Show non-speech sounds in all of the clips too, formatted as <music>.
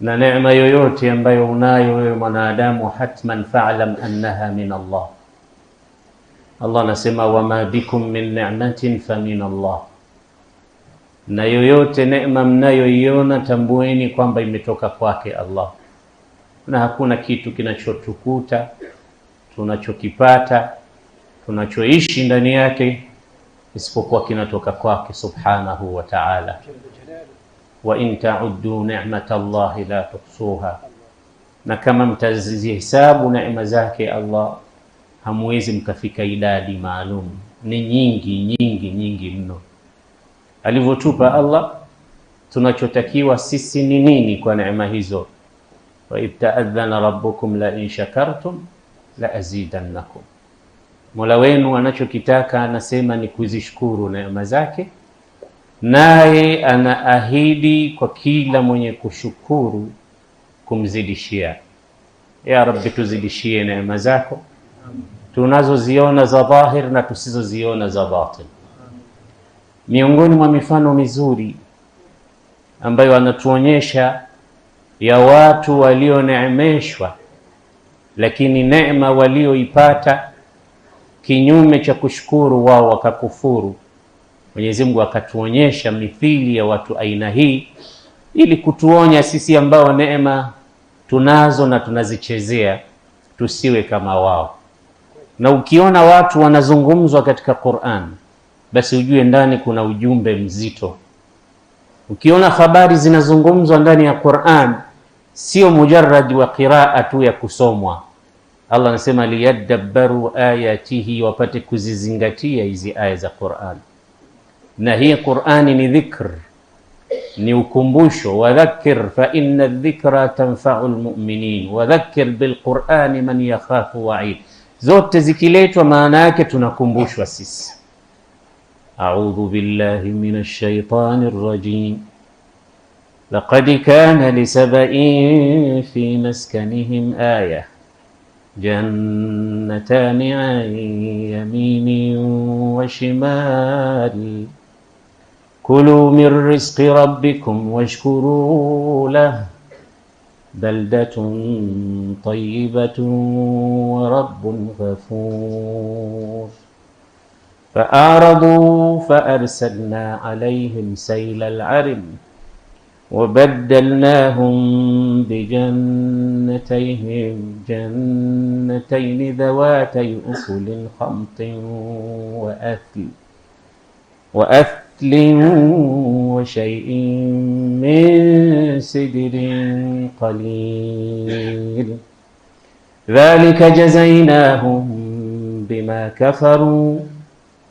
na neema yoyote ambayo unayo wewe mwanadamu, hatman fa'lam annaha min Allah. Allah anasema wama bikum min ni'matin fa min Allah, na yoyote neema mnayoiona tambueni kwamba imetoka kwake Allah, na hakuna kitu kinachotukuta tunachokipata tunachoishi ndani yake isipokuwa kinatoka kwake subhanahu wa ta'ala wa in tauddu ni'mata Allahi la tuhsuha, na kama mtazihesabu neema zake Allah hamwezi mkafika idadi maalum, ni nyingi nyingi nyingi mno. Alivyotupa Allah, tunachotakiwa sisi ni nini kwa neema hizo? wa ibtaadhana rabbukum la in shakartum la azidannakum, mola wenu anachokitaka anasema ni kuzishukuru neema zake naye anaahidi kwa kila mwenye kushukuru kumzidishia. Ya Rabbi, tuzidishie neema zako tunazoziona za dhahir na tusizoziona za batin. Miongoni mwa mifano mizuri ambayo anatuonyesha ya watu walioneemeshwa, lakini neema walioipata kinyume cha kushukuru, wao wakakufuru Mwenyezi Mungu akatuonyesha mithili ya watu aina hii ili kutuonya sisi ambao neema tunazo na tunazichezea tusiwe kama wao. Na ukiona watu wanazungumzwa katika Qur'an, basi ujue ndani kuna ujumbe mzito. Ukiona habari zinazungumzwa ndani ya Qur'an, sio mujarrad wa qiraa tu ya kusomwa. Allah anasema liyadabbaru ayatihi, wapate kuzizingatia hizi aya za Qur'an. na hii Qur'ani ni dhikr, ni ukumbusho. Wadhakkir fa inna dhikra tanfau lmuminin, wadhakkir bilqurani man yakhafu waid. Zote zikiletwa maana yake tunakumbushwa sisi. Audhu billahi minash shaitani rrajim Laqad kana lisabain fi maskanihim aya jannatani an yaminin wa كلوا من رزق ربكم واشكروا له بلدة طيبة ورب غفور فأعرضوا فأرسلنا عليهم سيل العرم وبدلناهم بجنتيهم جنتين ذواتي أكل خمط وأثل وأثل عدل وشيء من سدر قليل ذلك جزيناهم بما كفروا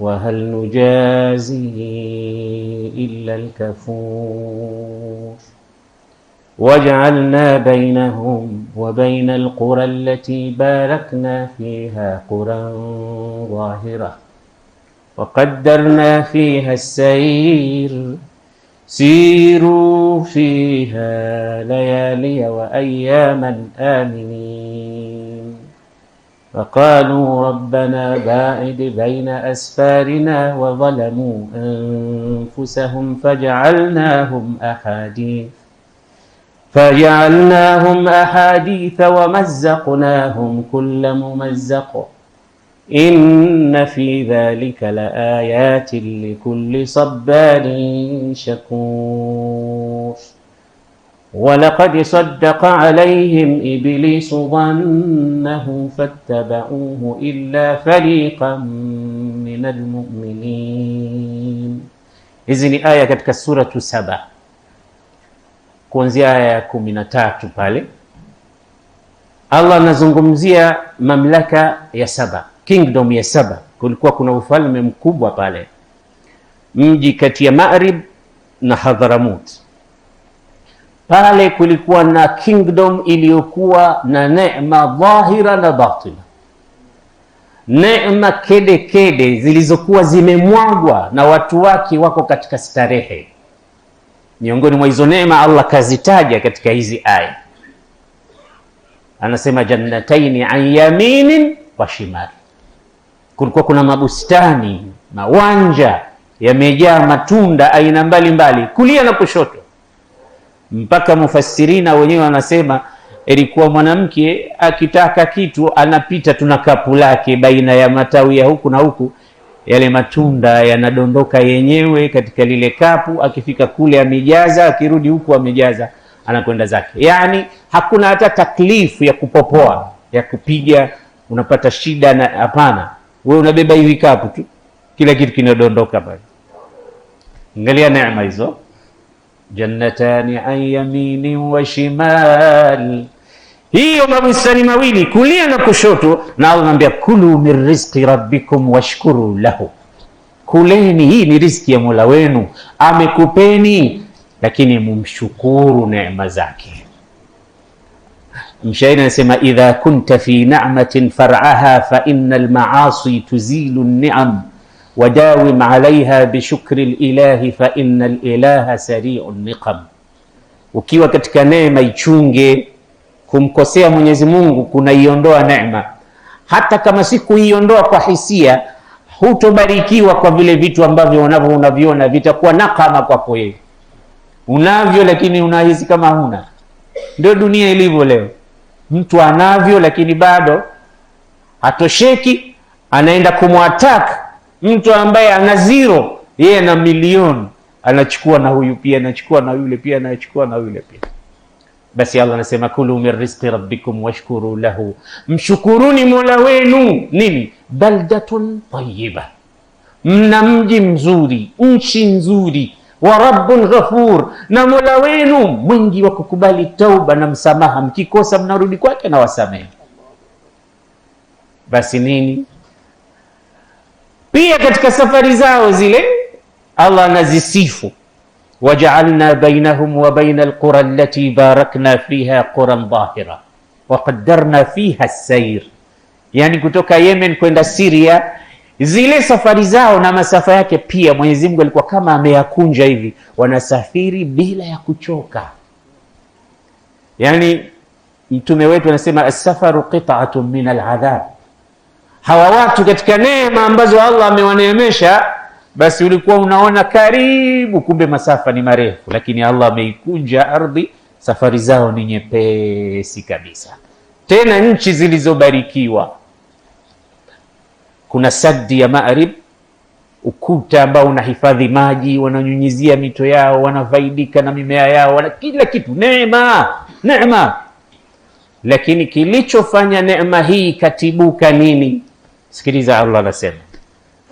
وهل نجازي إلا الكفور وجعلنا بينهم وبين القرى التي باركنا فيها قرى ظاهره وقدرنا فيها السير سيروا فيها ليالي وأياما آمنين فقالوا ربنا باعد بين أسفارنا وظلموا أنفسهم فجعلناهم أحاديث فجعلناهم أحاديث ومزقناهم كل ممزق inna fi dhalika la ayatin likulli sabarin shakur walaqad saddaqa alayhim iblisu dhannahu fattaba'uhu illa fariqan min almuminin. Hizi ni aya katika suratu Saba, kuanzia aya ya kumi na tatu pale Allah anazungumzia mamlaka ya Saba kingdom ya Saba, kulikuwa kuna ufalme mkubwa pale, mji kati ya Marib na Hadhramut. Pale kulikuwa na kingdom iliyokuwa na neema dhahira na batina, neema kede kede zilizokuwa zimemwagwa na watu wake wako katika starehe. Miongoni mwa hizo neema Allah kazitaja katika hizi aya, anasema jannataini an yaminin wa shimal kulikuwa kuna mabustani, mawanja yamejaa matunda aina mbalimbali kulia na kushoto, mpaka mufasirina wenyewe wanasema ilikuwa mwanamke akitaka kitu anapita tuna kapu lake baina ya matawi ya huku na huku, yale matunda yanadondoka yenyewe katika lile kapu. Akifika kule amejaza, akirudi huku amejaza, anakwenda zake. Yani hakuna hata taklifu ya kupopoa ya kupiga unapata shida na hapana wewe unabeba hivi kapu tu, kila kitu kinadondoka pale. Angalia neema hizo, jannatani an yamini wa shimal, hiyo mabustani mawili kulia na kushoto, na Allah anambia kulu min rizqi rabbikum washkuru lahu, kuleni. Hii ni riziki ya Mola wenu amekupeni, lakini mumshukuru neema zake. Mshairi anasema idha kunta fi ni'matin far'aha fa innal ma'asi tuzilu ni'am wadawim alaiha bishukri lilahi fa innal ilaha sariu niqam, ukiwa katika neema ichunge. Kumkosea Mwenyezi Mungu kunaiondoa neema, hata kama si kuiondoa kwa hisia, hutobarikiwa kwa vile vitu ambavyo unavyo unaviona vitakuwa nakama kwako. Yeye unavyo, lakini unahisi kama huna. Ndio dunia ilivyo leo mtu anavyo, lakini bado hatosheki, anaenda kumwatak mtu ambaye ana zero, yeye ana milioni, anachukua na huyu pia, anachukua na yule pia, anachukua na yule pia. Basi Allah anasema kulu min rizqi rabbikum washkuru lahu, mshukuruni mola wenu. Nini? baldatun tayyiba, mna mji mzuri, nchi nzuri wa rabbun ghafur, na mola wenu mwingi wa kukubali tauba na msamaha, mkikosa mnarudi kwake na wasamehe. Basi nini, pia katika safari zao zile Allah anazisifu wajaalna bainahum wa baina alqura allati barakna fiha quran dhahira wa qaddarna fiha sair, yani kutoka Yemen kwenda Syria zile safari zao na masafa yake pia Mwenyezi Mungu alikuwa kama ameyakunja hivi, wanasafiri bila ya kuchoka. Yani mtume wetu anasema asafaru qit'atun min al'adhab. Hawa watu katika neema ambazo Allah amewaneemesha, basi ulikuwa unaona karibu, kumbe masafa ni marefu, lakini Allah ameikunja ardhi, safari zao ni nyepesi kabisa, tena nchi zilizobarikiwa kuna sagdi ya Marib, ukuta ambao unahifadhi maji, wananyunyizia mito yao, wanafaidika na mimea yao, wana kila kitu, neema neema. Lakini kilichofanya neema hii katibuka nini? Sikiliza, Allah anasema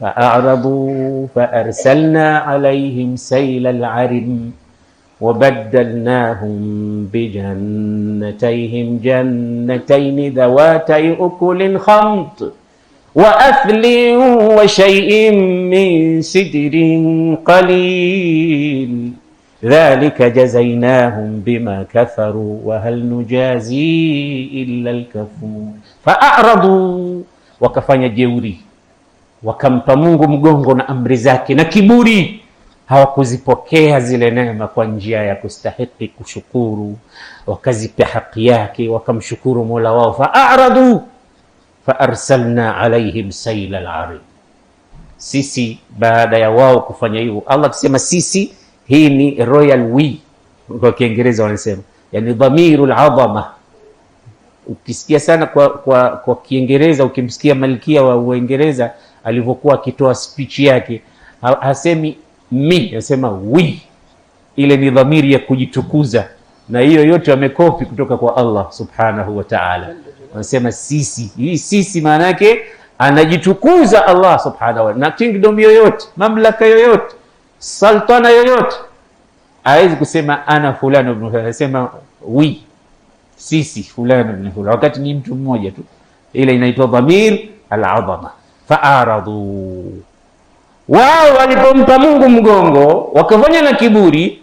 faaraduu faarsalna alaihim saila larim wabaddalnahum bijannatayhim jannatayn dhawatai ukulin khant وأفل وشيء من سدر قليل ذلك جزيناهم بما كفروا وهل نجازي إلا الكفور فأعرضوا وكفانا جوري وكم تمونغ مغونغون أمر زاكي نكبوري hawakuzipokea zile بوكي kwa njia ya kustahiki kushukuru wakazipa haki yake wakamshukuru mola wao faaradhuu faarsalna alaihim saila larid, sisi baada ya wao kufanya hivyo. Allah akisema sisi, hii ni royal we kwa Kiingereza wanasema, yani dhamiru ladhama Ukisikia sana kwa, kwa, kwa Kiingereza, ukimsikia malkia wa Uingereza alivyokuwa akitoa speech yake, hasemi mi, anasema we. Ile ni dhamiri ya kujitukuza na hiyo yote wamekopi kutoka kwa Allah subhanahu wa ta'ala. Wanasema sisi hii sisi, maana yake anajitukuza Allah subhanahu wa ta'ala, na kingdom yoyote, mamlaka yoyote, sultana yoyote hawezi kusema ana fulani ibn fulani, anasema wi sisi fulani ibn fulani, wakati ni mtu mmoja tu. Ile inaitwa dhamir al-adhama. Faaradhu, wao walipompa Mungu mgongo wakafanya na kiburi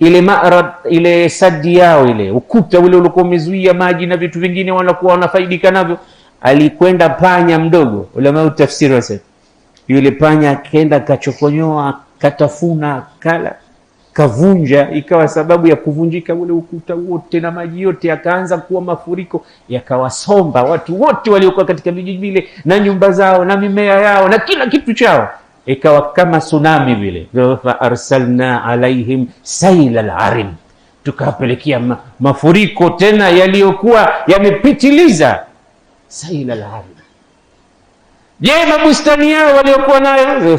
ile marad ile sadi yao ile ukuta ule ulikuwa umezuia maji na vitu vingine, wanakuwa wanafaidika navyo. Alikwenda panya mdogo, mau tafsiri wase yule panya akaenda kachokonyoa, katafuna, kala, kavunja, ikawa sababu ya kuvunjika ule ukuta wote na maji yote, yakaanza kuwa mafuriko, yakawasomba watu wote waliokuwa katika vijiji vile na nyumba zao na mimea yao na kila kitu chao ikawa kama tsunami vile. Fa arsalna alaihim saila larim, tukawapelekea ma, mafuriko tena yaliyokuwa yamepitiliza. Saila larim, je, mabustani yao waliokuwa nayo.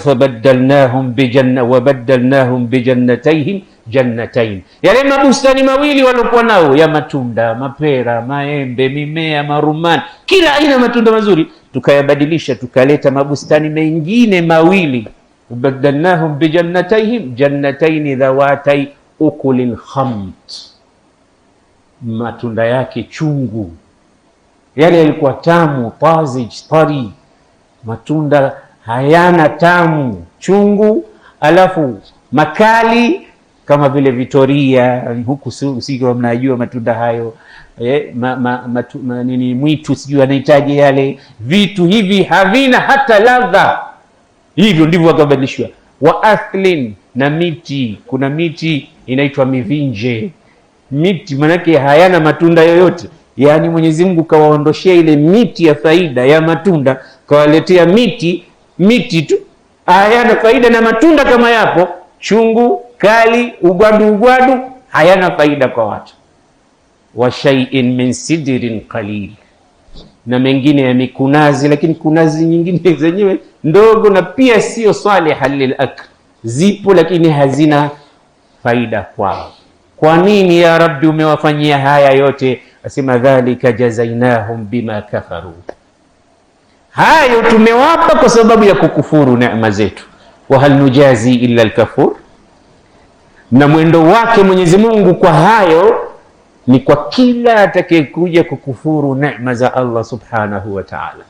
Wabadalnahum bijannatayhim jannatain, yale mabustani mawili waliokuwa nao ya matunda, mapera, maembe, mimea, marumani, kila aina matunda mazuri tukayabadilisha tukaleta mabustani mengine mawili, ubadalnahum bijannatayhim jannataini dhawatai ukulin khamt, matunda yake chungu, yale yalikuwa tamu, tazij tari, matunda hayana tamu, chungu alafu makali kama vile vitoria huku sio, mnajua matunda hayo eh, ma, ma, matu, ma, nini mwitu sijui anahitaji yale vitu hivi havina hata ladha. Hivyo ndivyo wakabadilishwa wa athlin na miti. Kuna miti inaitwa mivinje, miti manake hayana matunda yoyote. Yani Mwenyezi Mungu kawaondoshea ile miti ya faida ya matunda, kawaletea miti miti tu hayana faida na matunda kama yapo chungu kali, ugwadu ugwadu hayana faida kwa watu. wa shay'in min sidrin qalil, na mengine ya mikunazi, lakini kunazi nyingine <laughs> zenyewe ndogo na pia sio saliha lilakl, zipo lakini hazina faida kwao. Kwa nini ya Rabbi umewafanyia haya yote? Asema dhalika jazainahum bima kafaru, hayo tumewapa kwa sababu ya kukufuru neema zetu. hal nujazi illa lkafur na mwendo wake Mwenyezi Mungu kwa hayo ni kwa kila atakayekuja kukufuru neema za Allah subhanahu wa ta'ala.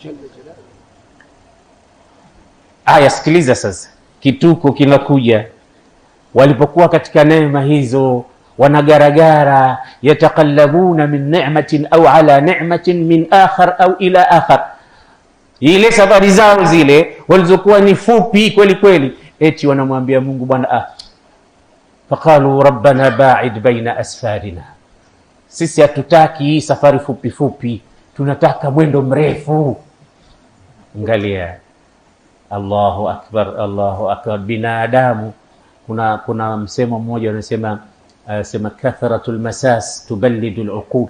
Aya, sikiliza sasa, kituko kinakuja. Walipokuwa katika neema hizo wanagaragara, yataqallabuna min ni'matin au ala ni'matin min akhar au ila akhar, ile safari zao zile walizokuwa ni fupi kweli kweli, eti wanamwambia Mungu bwana ah faqalu rabbana baid baina asfarina, sisi hatutaki hii safari fupi fupi, tunataka mwendo mrefu. Angalia, Allahu akbar, Allahu akbar. Binadamu, kuna kuna msemo mmoja unasema uh, sema kathratu lmasas tubalidu luqul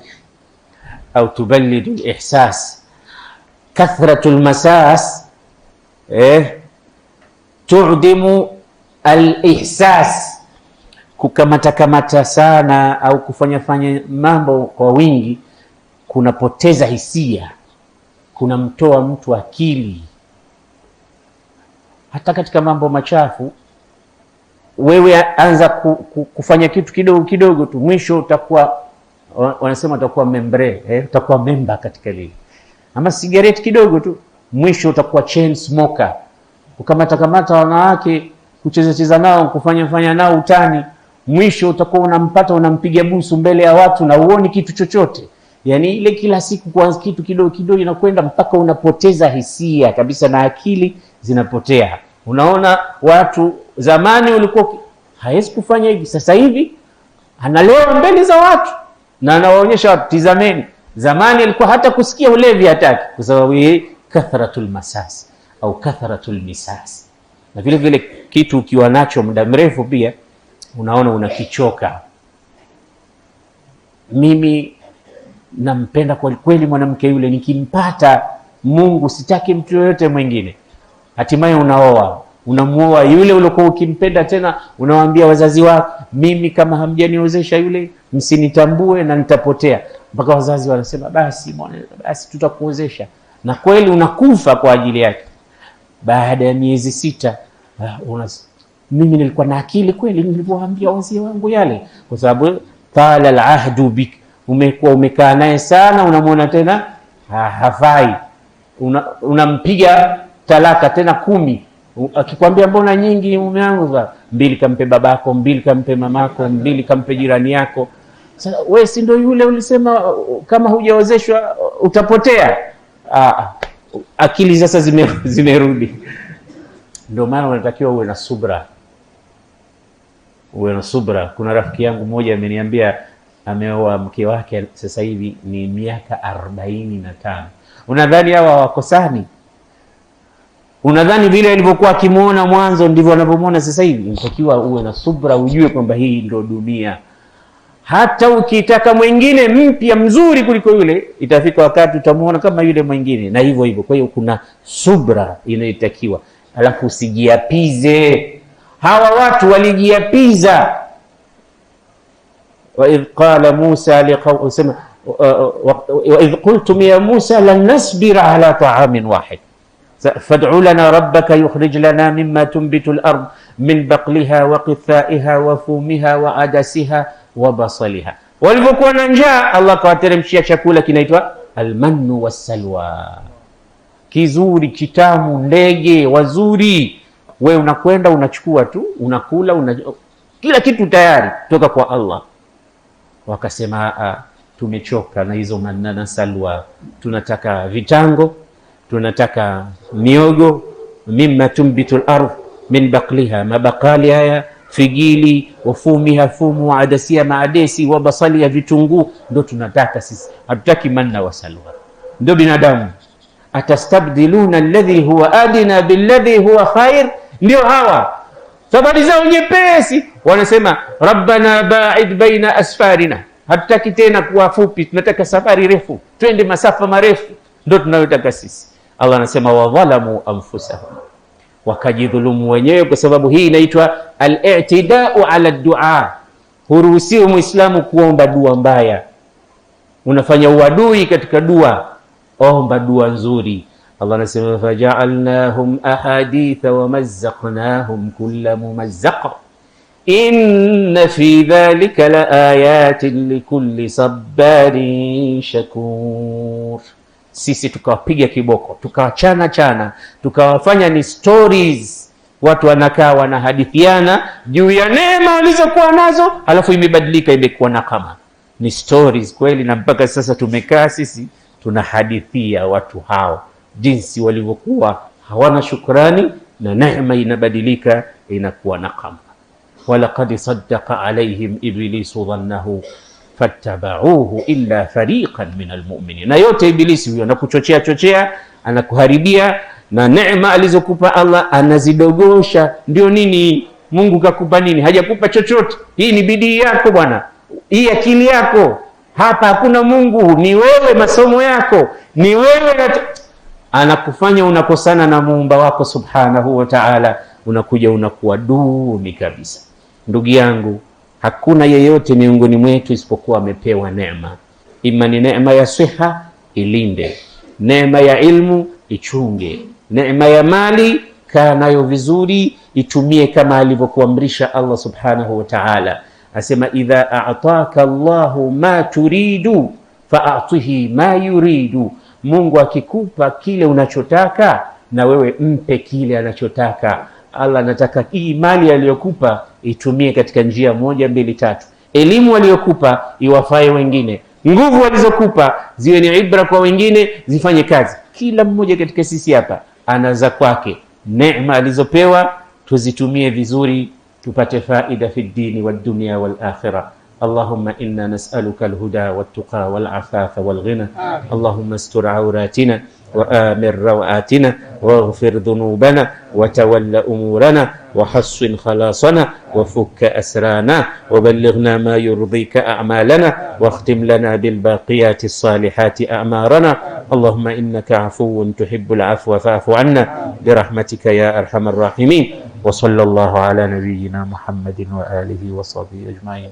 au tubalidu lihsas. Kathratu lmasas eh, tudimu alihsas kukamatakamata sana au kufanyafanya mambo kwa wingi kunapoteza hisia, kunamtoa mtu akili. Hata katika mambo machafu, wewe anza ku, ku, kufanya kitu kidogo kidogo tu, mwisho utakuwa wanasema utakuwa membre eh, utakuwa memba katika lile. Ama sigareti kidogo tu, mwisho utakuwa chain smoker. Kukamata kamata wanawake, kuchezacheza nao, kufanyafanya nao utani mwisho utakuwa unampata unampiga busu mbele ya watu na uoni kitu chochote. Yani ile kila siku kwa kitu kidogo kidogo inakwenda mpaka unapoteza hisia kabisa na akili zinapotea. Unaona watu zamani ulikuwa hawezi kufanya hivi, sasa hivi analewa mbele za watu na anawaonyesha watu, tizameni. Zamani alikuwa hata kusikia ulevi hataki, kwa sababu kathratul masas au kathratul misas. Na vile vile kitu ukiwa nacho muda mrefu pia unaona unakichoka. Mimi nampenda kwa kweli mwanamke yule, nikimpata Mungu sitaki mtu yoyote mwingine. Hatimaye unaoa, unamuoa yule uliokuwa ukimpenda, tena unawaambia wazazi wako, mimi kama hamjaniozesha yule msinitambue na nitapotea. Mpaka wazazi wanasema basi, mwana, basi tutakuozesha, na kweli unakufa kwa ajili yake. Baada ya miezi sita uh, unas mimi nilikuwa na akili kweli nilivyowaambia wazee wangu yale, kwa sababu tala alahdu bik, umekuwa umekaa naye sana, unamwona tena ha, hafai, unampiga una talaka tena kumi, akikwambia mbona nyingi mume wangu, mbili kampe babako, mbili kampe mamako, mbili kampe jirani yako. Sasa wewe si ndio yule ulisema kama hujaozeshwa utapotea? Aa, akili sasa <laughs> zimerudi zime ndio maana unatakiwa uwe na subra uwe na subra. Kuna rafiki yangu mmoja ameniambia ameoa mke wake sasa hivi ni miaka arobaini na tano. Unadhani hawa hawakosani? Unadhani vile alivyokuwa akimwona mwanzo ndivyo anavyomwona sasa hivi? ntakiwa uwe na subra, ujue kwamba hii ndo dunia. Hata ukitaka mwingine mpya mzuri kuliko yule, itafika wakati utamwona kama yule mwingine, na hivyo hivyo. Kwa hiyo kuna subra inayotakiwa, alafu usijiapize. hawa watu walijiapiza. Waidh qala Musa liqaumi sema waidh qultum ya Musa lan nasbira ala taamin wahid fad'u lana rabbaka yukhrij lana mimma tunbitu al-ard min baqliha wa qithaiha wa fumiha wa adasiha wa basaliha. Walivyokuwa na njaa, Allah kawateremshia chakula kinaitwa almannu wassalwa, kizuri kitamu, ndege wazuri we unakwenda unachukua tu unakula una... kila kitu tayari kutoka kwa Allah. Wakasema ah, ah, tumechoka na hizo manana salwa, tunataka vitango, tunataka miogo, mimma tumbitu al-ardh min bakliha, mabakali haya figili wafumiha fumu waadasia maadesi wabasali ya vitunguu ndo tunataka sisi, hatutaki manna wa salwa. Ndo binadamu atastabdiluna alladhi huwa adina billadhi huwa khair ndio hawa, safari zao nyepesi. Wanasema rabbana baid baina asfarina, hatutaki tena kuwa fupi, tunataka safari refu, twende masafa marefu, ndio tunayotaka sisi. Allah anasema wadhalamu anfusahum, wakajidhulumu wenyewe, kwa sababu hii inaitwa al-i'tidau ala dua. huruhusiwe muislamu kuomba dua mbaya, unafanya uadui katika dua. Omba dua nzuri. Allah anasema faja'alnahum ahaditha wa mazzaqnahum kulla mumazzaq inna fi dhalika la ayatin likulli sabarin shakur. Sisi tukawapiga kiboko, tukawachana chana, tukawafanya ni stories. Watu wanakaa wanahadithiana juu ya neema walizokuwa nazo, alafu imebadilika imekuwa nakama, ni stories kweli. Na mpaka sasa tumekaa sisi tunahadithia watu hao jinsi walivyokuwa hawana shukrani, na neema inabadilika inakuwa nakama. Walaqad saddaqa alaihim iblisu dhannahu fattabauhu illa fariqan min almuminin. Na yote ibilisi huyo anakuchochea chochea, anakuharibia na neema alizokupa Allah anazidogosha. Ndio nini? Mungu kakupa nini? Hajakupa chochote. Hii ni bidii yako bwana, hii akili yako hapa. Hakuna Mungu, ni wewe, masomo yako ni wewe anakufanya unakosana na muumba wako subhanahu wa ta'ala, unakuja unakuwa duni kabisa. Ndugu yangu, hakuna yeyote miongoni mwetu isipokuwa amepewa neema. Ima ni neema ya siha, ilinde; neema ya ilmu, ichunge; neema ya mali, kaa nayo vizuri, itumie kama alivyokuamrisha Allah subhanahu wa ta'ala. Asema, idha a'taka Allahu ma turidu faatihi ma yuridu Mungu akikupa kile unachotaka, na wewe mpe kile anachotaka. Allah anataka hii mali aliyokupa itumie katika njia moja, mbili, tatu. Elimu aliyokupa iwafae wengine, nguvu alizokupa ziwe ni ibra kwa wengine, zifanye kazi. Kila mmoja katika sisi hapa anaza kwake, neema alizopewa tuzitumie vizuri, tupate faida fi ddini wa dunia wal akhirah. اللهم إنا نسألك الهدى والتقى والعفاف والغنى اللهم استر عوراتنا وآمن روعاتنا واغفر ذنوبنا وتول أمورنا وحصن خلاصنا وفك أسرانا وبلغنا ما يرضيك أعمالنا واختم لنا بالباقيات الصالحات أعمارنا اللهم إنك عفو تحب العفو فاعف عنا برحمتك يا أرحم الراحمين وصلى الله على نبينا محمد وآله وصحبه أجمعين